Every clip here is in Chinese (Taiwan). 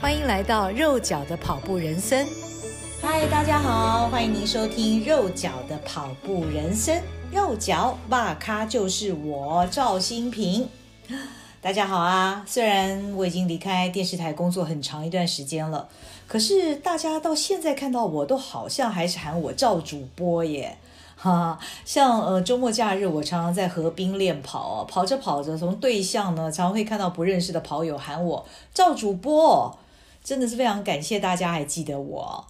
歡迎來到肉腳的跑步人生。嗨，大家好，歡迎您收聽肉腳的跑步人生。肉腳大咖就是我趙新平。大家好啊，雖然我已經離開電視台工作很長一段時間了，可是大家到現在看到我都好像還是喊我趙主播耶。哈、啊，像呃周末假日，我常常在河邊練跑，跑着跑着，從對象呢，常常會看到不認識的跑友喊我趙主播。真的是非常感謝大家還記得我，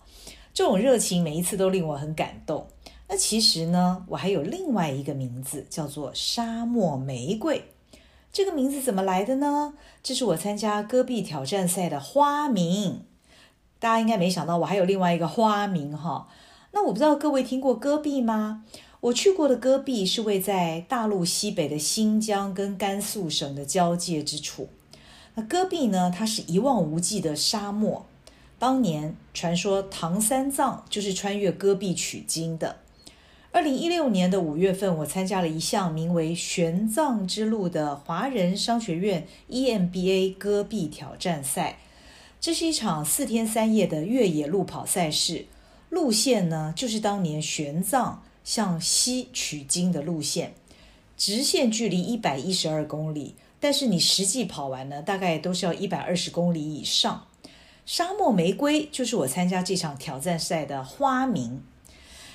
這種熱情每一次都令我很感動。那其實呢，我還有另外一個名字，叫做沙漠玫瑰。這個名字怎麼來的呢？這是我參加戈壁挑戰賽的花名。大家應該沒想到我還有另外一個花名哈。那我不知道各位聽過戈壁嗎？我去過的戈壁是位在大陸西北的新疆跟甘肅省的交界之處。那戈壁呢，它是一望無際的沙漠。當年傳說唐三藏就是穿越戈壁取經的。二零一六年的五月份，我參加了一項名為“玄奘之路”的華人商學院 EMBA 戈壁挑戰賽。這是一場四天三夜的越野路跑賽事，路線呢，就是當年玄奘向西取經的路線，直線距離一百一十二公里。但是你實際跑完呢，大概都是要一百二十公里以上。沙漠玫瑰就是我參加這場挑戰賽的花名。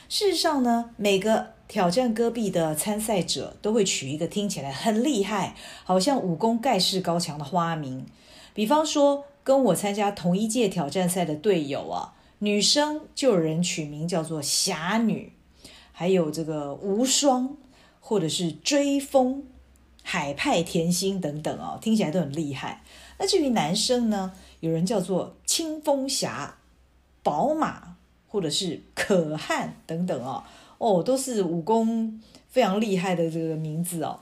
事實上呢，每個挑戰戈壁的參賽者都會取一個聽起來很厲害、好像武功蓋世高強的花名。比方說，跟我參加同一屆挑戰賽的隊友啊，女生就有人取名叫做俠女，還有這個無雙，或者是追風。海派甜心等等哦，聽起來都很厲害。那至於男生呢，有人叫做清風俠、寶馬或者是可汗等等哦，哦，都是武功非常厲害的這個名字哦。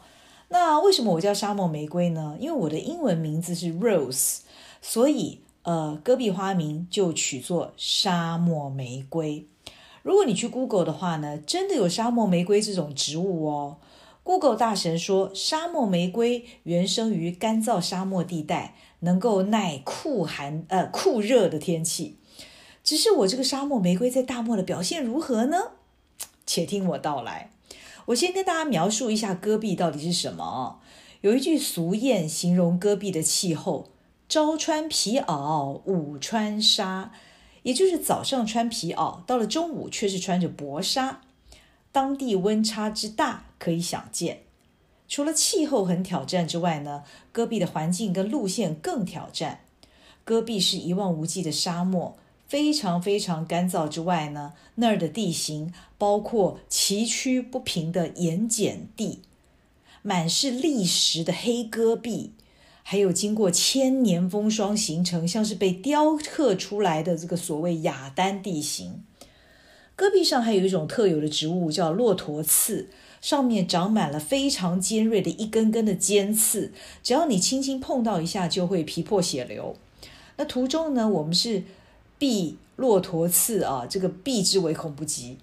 那為什麼我叫沙漠玫瑰呢？因為我的英文名字是 Rose，所以呃，戈壁花名就取作沙漠玫瑰。如果你去 Google 的話呢，真的有沙漠玫瑰這種植物哦。Google 大神說，沙漠玫瑰原生於乾燥沙漠地帶，能夠耐酷寒呃酷熱的天氣。只是我這個沙漠玫瑰在大漠的表現如何呢？且聽我道來。我先跟大家描述一下戈壁到底是什麼。有一句俗諺形容戈壁的氣候：朝穿皮襖，午穿紗，也就是早上穿皮襖，到了中午卻是穿着薄紗。當地溫差之大，可以想見，除了氣候很挑戰之外呢，戈壁的環境跟路線更挑戰。戈壁是一望無際的沙漠，非常非常乾燥之外呢，那兒的地形包括崎嶇不平的鹽鹼地、滿是礫石的黑戈壁，還有經過千年風霜形成，像是被雕刻出來的這個所謂雅丹地形。戈壁上還有一種特有的植物，叫駱駝刺。上面長滿了非常尖銳的一根根的尖刺，只要你輕輕碰到一下，就會皮破血流。那途中呢，我們是避駱駝刺啊，這個避之唯恐不及。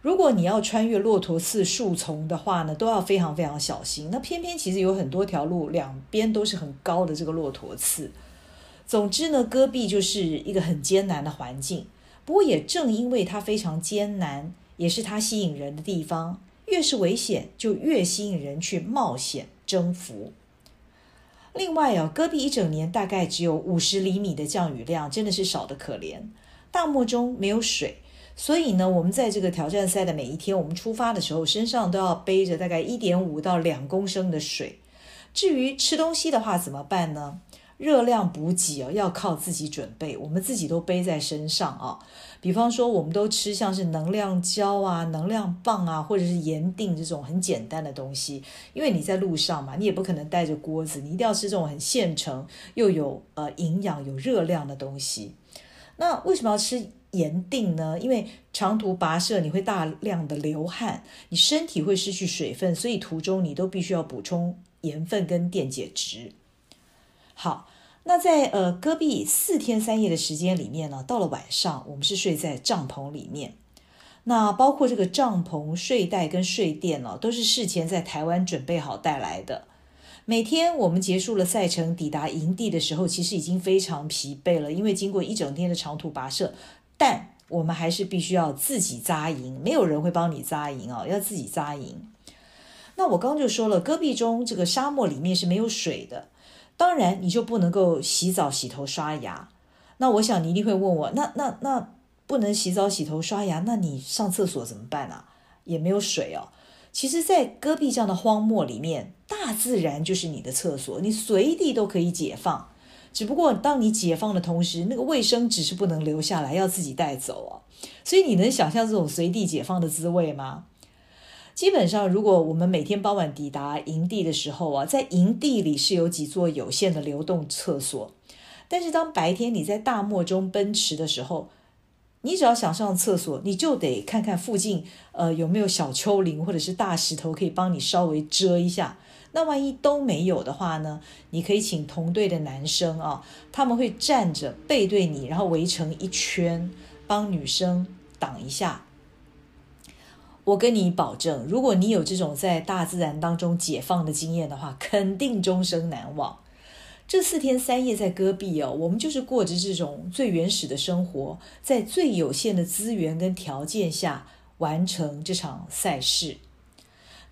如果你要穿越駱駝刺樹叢的話呢，都要非常非常小心。那偏偏其實有很多條路，兩邊都是很高的這個駱駝刺。總之呢，戈壁就是一個很艱難的環境。不過也正因為它非常艱難，也是它吸引人的地方。越是危險，就越吸引人去冒險征服。另外啊，戈壁一整年大概只有五十厘米的降雨量，真的是少得可憐。大漠中沒有水，所以呢，我們在這個挑戰賽的每一天，我們出發的時候身上都要背着大概一點五到兩公升的水。至於吃東西的話，怎麼辦呢？熱量補給哦，要靠自己準備，我們自己都背在身上啊、哦。比方說，我們都吃像是能量膠啊、能量棒啊，或者是鹽錠這種很簡單的東西，因為你在路上嘛，你也不可能帶着鍋子，你一定要吃這種很現成又有呃營養、有熱量的東西。那為什麼要吃鹽錠呢？因為長途跋涉你會大量的流汗，你身體會失去水分，所以途中你都必須要補充鹽分跟電解質。好，那在呃戈壁四天三夜的時間裡面呢、啊，到了晚上，我們是睡在帳篷裡面。那包括這個帳篷、睡袋跟睡墊呢、啊，都是事前在台灣準備好帶來的。每天我們結束了賽程抵達營地的時候，其實已經非常疲憊了，因為經過一整天的長途跋涉，但我們還是必須要自己扎營，沒有人會幫你扎營啊，要自己扎營。那我剛就說了，戈壁中這個沙漠裡面是沒有水的。當然，你就不能夠洗澡、洗頭、刷牙。那我想你一定會問我，那那那不能洗澡、洗頭、刷牙，那你上廁所怎麼辦呢、啊？也沒有水哦。其實，在戈壁這樣的荒漠裡面，大自然就是你的廁所，你隨地都可以解放。只不過，當你解放的同時，那個衛生紙是不能留下來，要自己帶走哦。所以，你能想象這種隨地解放的滋味嗎？基本上，如果我們每天傍晚抵達營地的時候啊，在營地裡是有幾座有限的流動廁所。但是當白天你在大漠中奔馳的時候，你只要想上廁所，你就得看看附近呃有沒有小丘陵或者是大石頭可以幫你稍微遮一下。那萬一都沒有的話呢，你可以請同隊的男生啊，他們會站着背對你，然後圍成一圈，幫女生擋一下。我跟你保證，如果你有這種在大自然當中解放的經驗的話，肯定終生難忘。這四天三夜在戈壁哦，我們就是過着這種最原始的生活，在最有限的資源跟條件下完成這場賽事。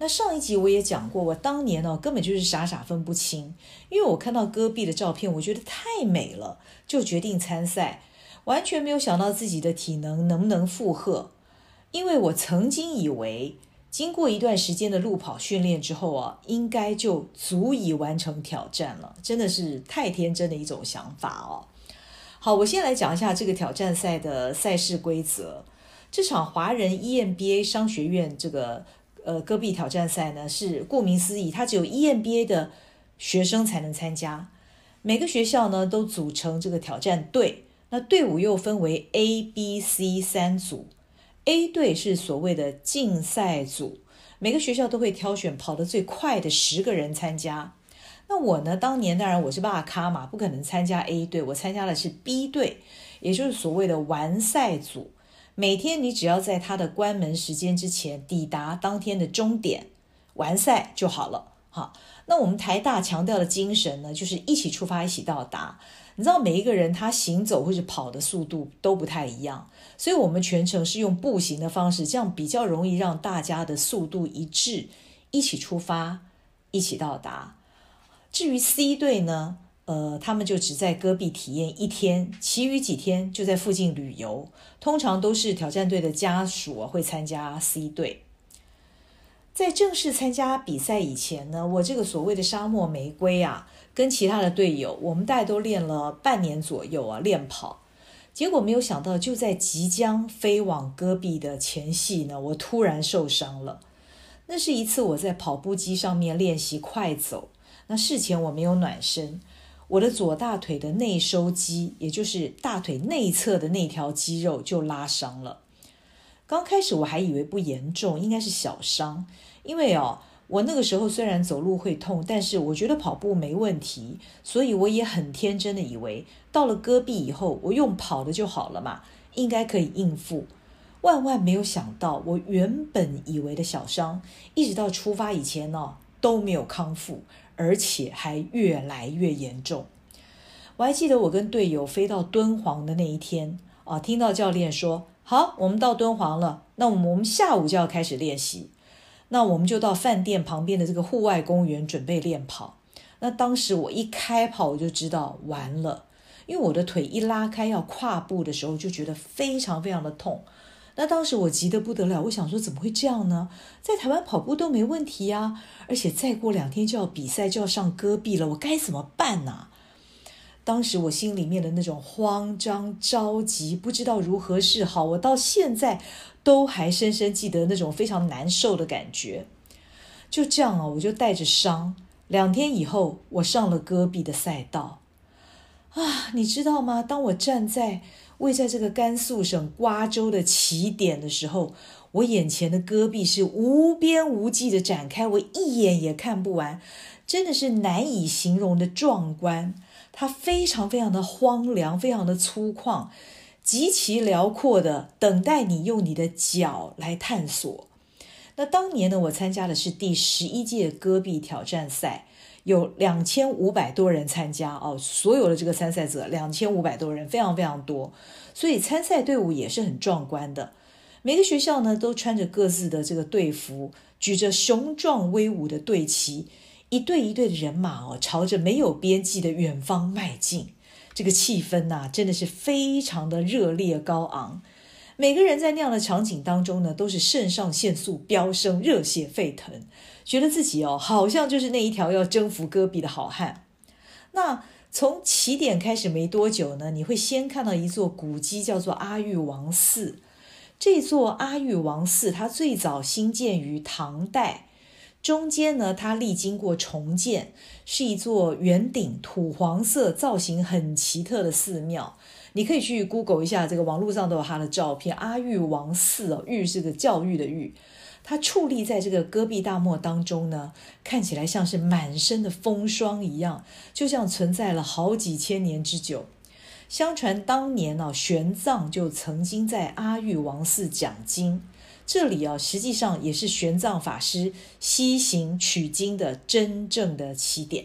那上一集我也講過，我當年哦根本就是傻傻分不清，因為我看到戈壁的照片，我覺得太美了，就決定參賽，完全沒有想到自己的體能能不能負荷。因為我曾經以為，經過一段時間的路跑訓練之後啊，應該就足以完成挑戰了。真的是太天真的一種想法哦。好，我先來講一下這個挑戰賽的賽事規則。這場華人 EMBA 商學院這個呃戈壁挑戰賽呢，是顧名思義，它只有 EMBA 的學生才能參加。每個學校呢都組成這個挑戰隊，那隊伍又分為 A、B、C 三組。A 隊是所謂的競賽組，每個學校都會挑選跑得最快的十個人參加。那我呢？當年當然我是爸咖嘛，不可能參加 A 隊，我參加的是 B 隊，也就是所謂的完賽組。每天你只要在他的關門時間之前抵達當天的終點，完賽就好了。好，那我們台大強調的精神呢，就是一起出發，一起到達。你知道每一個人他行走或者跑的速度都不太一樣，所以我們全程是用步行的方式，這樣比較容易讓大家的速度一致，一起出發，一起到達。至於 C 隊呢，呃，他們就只在戈壁體驗一天，其餘幾天就在附近旅游，通常都是挑戰隊的家屬啊，會參加 C 隊。在正式參加比賽以前呢，我這個所謂的沙漠玫瑰啊，跟其他的隊友，我們大概都練了半年左右啊練跑，結果沒有想到，就在即將飛往戈壁的前夕呢，我突然受傷了。那是一次我在跑步機上面練習快走，那事前我沒有暖身，我的左大腿的內收肌，也就是大腿內側的那條肌肉就拉傷了。剛開始我還以為不嚴重，應該是小傷，因為哦，我那個時候雖然走路會痛，但是我覺得跑步沒問題，所以我也很天真的以為，到了戈壁以後，我用跑的就好了嘛，應該可以應付。萬萬沒有想到，我原本以為的小傷，一直到出發以前呢，都沒有康復，而且還越來越嚴重。我還記得我跟隊友飛到敦煌的那一天，啊，聽到教練說。好，我們到敦煌了。那我們我們下午就要開始練習，那我們就到飯店旁邊的這個戶外公園準備練跑。那當時我一開跑，我就知道完了，因為我的腿一拉開要跨步的時候，就覺得非常非常的痛。那當時我急得不得了，我想說怎麼會這樣呢？在台灣跑步都沒問題呀，而且再過兩天就要比賽，就要上戈壁了，我該怎麼辦呢？當時我心裡面的那種慌張、着急，不知道如何是好。我到現在都還深深記得那種非常難受的感覺。就這樣啊，我就帶着傷，兩天以後，我上了戈壁的賽道。啊，你知道嗎？當我站在位在這個甘肅省瓜州的起點的時候，我眼前的戈壁是無邊無際的展開，我一眼也看不完，真的是難以形容的壯觀。它非常非常的荒涼，非常的粗獷，極其遼闊的等待你用你的腳來探索。那當年呢，我參加的是第十一屆戈壁挑戰賽，有兩千五百多人參加哦，所有的這個參賽者兩千五百多人，非常非常多，所以參賽隊伍也是很壯觀的。每個學校呢都穿着各自的這個隊服，舉着雄壯威武的隊旗。一隊一隊的人馬哦，朝着沒有邊際的遠方邁進，這個氣氛吶、啊，真的是非常的熱烈高昂。每個人在那樣的場景當中呢，都是腎上腺素飆升，熱血沸騰，覺得自己哦，好像就是那一條要征服戈壁的好漢。那從起點開始沒多久呢，你會先看到一座古蹟，叫做阿育王寺。這座阿育王寺，它最早興建於唐代。中間呢，它歷經過重建，是一座圓頂土黃色、造型很奇特的寺廟。你可以去 Google 一下，這個網絡上都有它的照片。阿育王寺哦，育是個教育的育，它矗立在這個戈壁大漠當中呢，看起來像是滿身的風霜一樣，就像存在了好幾千年之久。相傳當年，啊，玄奘就曾經在阿育王寺講經。這裡啊，實際上也是玄奘法師西行取經的真正的起點。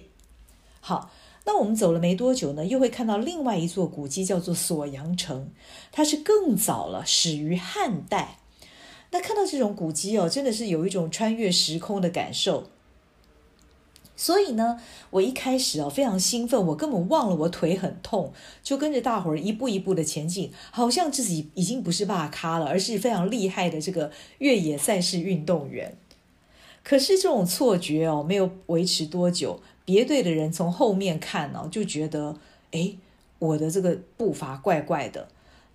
好，那我們走了沒多久呢，又會看到另外一座古蹟，叫做鎖陽城，它是更早了，始於漢代。那看到這種古蹟哦，真的是有一種穿越時空的感受。所以呢，我一開始哦非常興奮，我根本忘了我腿很痛，就跟着大夥兒一步一步的前進，好像自己已經不是大咖了，而是非常厲害的這個越野賽事運動員。可是這種錯覺哦沒有維持多久，別隊的人從後面看哦就覺得，誒，我的這個步伐怪怪的，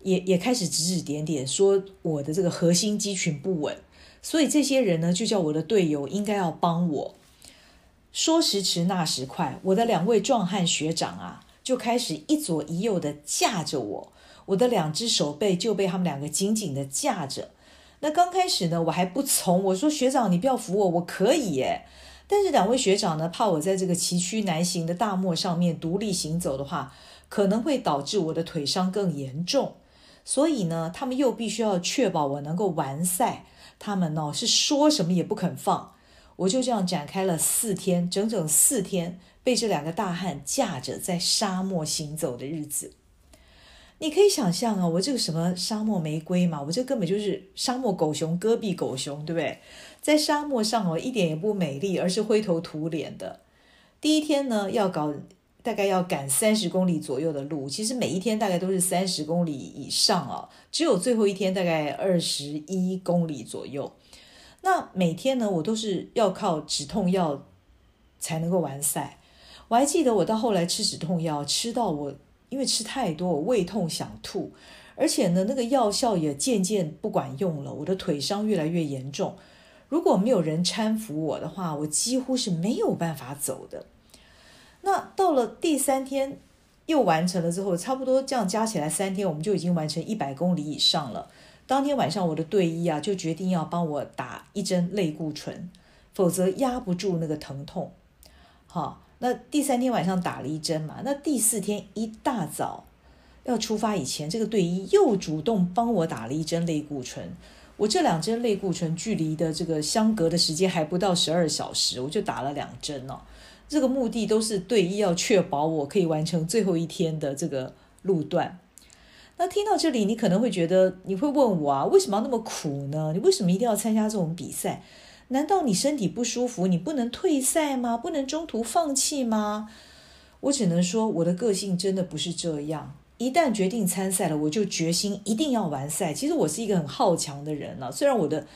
也也開始指指點點說我的這個核心肌群不穩，所以這些人呢就叫我的隊友應該要幫我。說時遲，那時快，我的兩位壯漢學長啊，就開始一左一右的架着我，我的兩隻手背就被他們兩個緊緊的架着。那剛開始呢，我還不從，我說學長，你不要扶我，我可以。耶。但是兩位學長呢，怕我在這個崎嶇難行的大漠上面獨立行走的話，可能會導致我的腿傷更嚴重，所以呢，他們又必須要確保我能夠完賽，他們呢、哦，是說什麼也不肯放。我就這樣展開了四天，整整四天被這兩個大漢架着在沙漠行走的日子。你可以想象啊、哦，我這個什麼沙漠玫瑰嘛，我這個根本就是沙漠狗熊、戈壁狗熊，對不對？在沙漠上哦，我一點也不美麗，而是灰頭土臉的。第一天呢，要搞大概要趕三十公里左右的路，其實每一天大概都是三十公里以上啊、哦，只有最後一天大概二十一公里左右。那每天呢，我都是要靠止痛藥才能夠完賽。我還記得，我到後來吃止痛藥，吃到我因為吃太多，我胃痛想吐，而且呢，那個藥效也漸漸不管用了。我的腿傷越來越嚴重，如果沒有人攙扶我的話，我幾乎是沒有辦法走的。那到了第三天，又完成了之後，差不多這樣加起來三天，我們就已經完成一百公里以上了。當天晚上，我的隊醫啊就決定要幫我打一針類固醇，否則壓不住那個疼痛。好，那第三天晚上打了一針嘛，那第四天一大早要出發以前，這個隊醫又主動幫我打了一針類固醇。我這兩針類固醇距離的這個相隔的時間還不到十二小時，我就打了兩針了哦。這個目的都是對，要確保我可以完成最後一天的這個路段。那聽到這裡，你可能會覺得，你會問我啊，為什麼要那麼苦呢？你為什麼一定要參加這種比賽？難道你身體不舒服，你不能退賽嗎？不能中途放棄嗎？我只能說，我的個性真的不是這樣。一旦決定參賽了，我就決心一定要完賽。其實我是一個很好強的人呢、啊，雖然我的。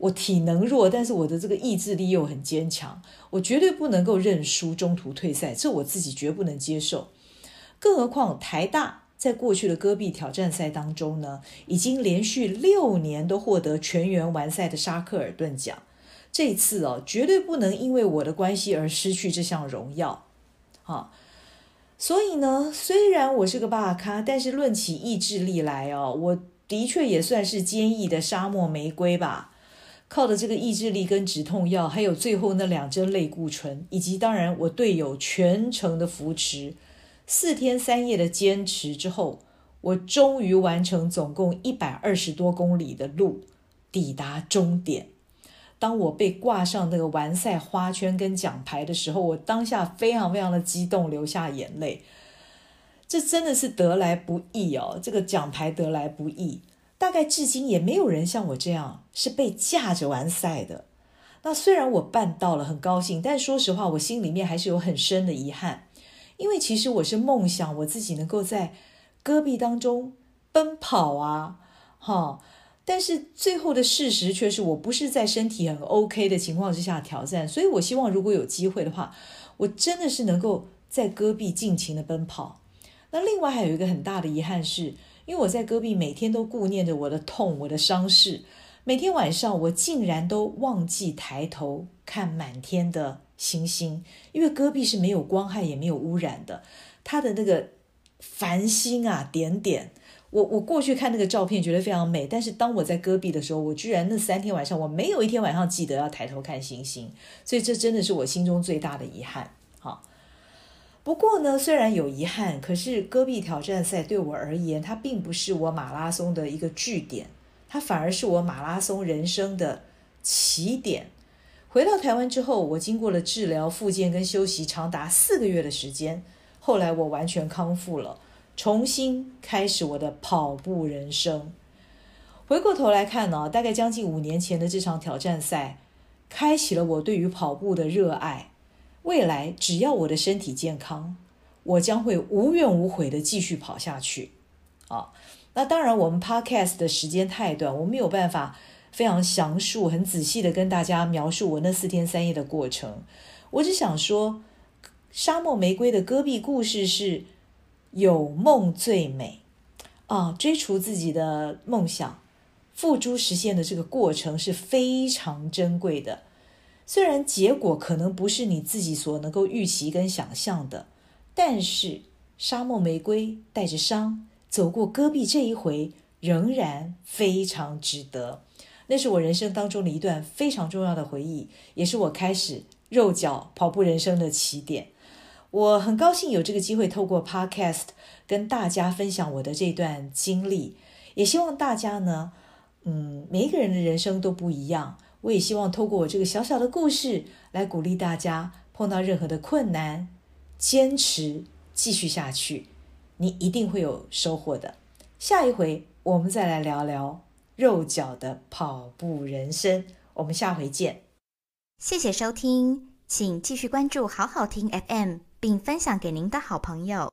我體能弱，但是我的這個意志力又很堅強。我絕對不能夠認輸，中途退賽，這我自己絕不能接受。更何況台大在過去的戈壁挑戰賽當中呢，已經連續六年都獲得全員完賽的沙克爾頓獎。這一次哦，絕對不能因為我的關係而失去這項榮耀。啊、哦，所以呢，雖然我是個大咖，但是論起意志力來哦，我的確也算是堅毅的沙漠玫瑰吧。靠的這個意志力、跟止痛藥，還有最後那兩針類固醇，以及當然我隊友全程的扶持，四天三夜的堅持之後，我終於完成總共一百二十多公里的路，抵達終點。當我被掛上那個完賽花圈跟獎牌的時候，我當下非常非常的激動，流下眼淚。這真的是得來不易哦，這個獎牌得來不易。大概至今也沒有人像我這樣是被架着完賽的。那雖然我辦到了，很高興，但說實話，我心裡面還是有很深的遺憾，因為其實我是夢想我自己能夠在戈壁當中奔跑啊，哈、哦！但是最後的事實卻是，我不是在身體很 OK 的情況之下挑戰，所以我希望如果有機會的話，我真的是能夠在戈壁盡情的奔跑。那另外還有一個很大的遺憾是，因為我在戈壁每天都顧念着我的痛、我的傷勢，每天晚上我竟然都忘記抬頭看滿天的星星。因為戈壁是沒有光害也沒有污染的，它的那個繁星啊，點點。我我過去看那個照片，覺得非常美。但是當我在戈壁的時候，我居然那三天晚上，我沒有一天晚上記得要抬頭看星星。所以這真的是我心中最大的遺憾。不過呢，雖然有遺憾，可是戈壁挑戰賽對我而言，它並不是我馬拉松的一個句點，它反而是我馬拉松人生的起點。回到台灣之後，我經過了治療、復健跟休息長達四個月的時間，後來我完全康復了，重新開始我的跑步人生。回過頭來看呢、啊，大概將近五年前的這場挑戰賽，開啟了我對於跑步的熱愛。未來只要我的身體健康，我將會無怨無悔的繼續跑下去。啊、哦，那當然，我們 podcast 的時間太短，我沒有辦法非常詳述、很仔細的跟大家描述我那四天三夜的過程。我只想說，沙漠玫瑰的戈壁故事是有夢最美啊、哦，追逐自己的夢想、付諸實現的這個過程是非常珍貴的。雖然結果可能不是你自己所能夠預期跟想象的，但是沙漠玫瑰帶着傷走過戈壁這一回，仍然非常值得。那是我人生當中的一段非常重要的回憶，也是我開始肉腳跑步人生的起點。我很高興有這個機會，透過 Podcast 跟大家分享我的這段經歷，也希望大家呢，嗯，每一個人的人生都不一樣。我也希望透過我這個小小的故事來鼓勵大家，碰到任何的困難，堅持繼續下去，你一定會有收穫的。下一回我們再來聊聊肉腳的跑步人生，我們下回見。謝謝收聽，請繼續關注好好聽 FM，並分享給您的好朋友。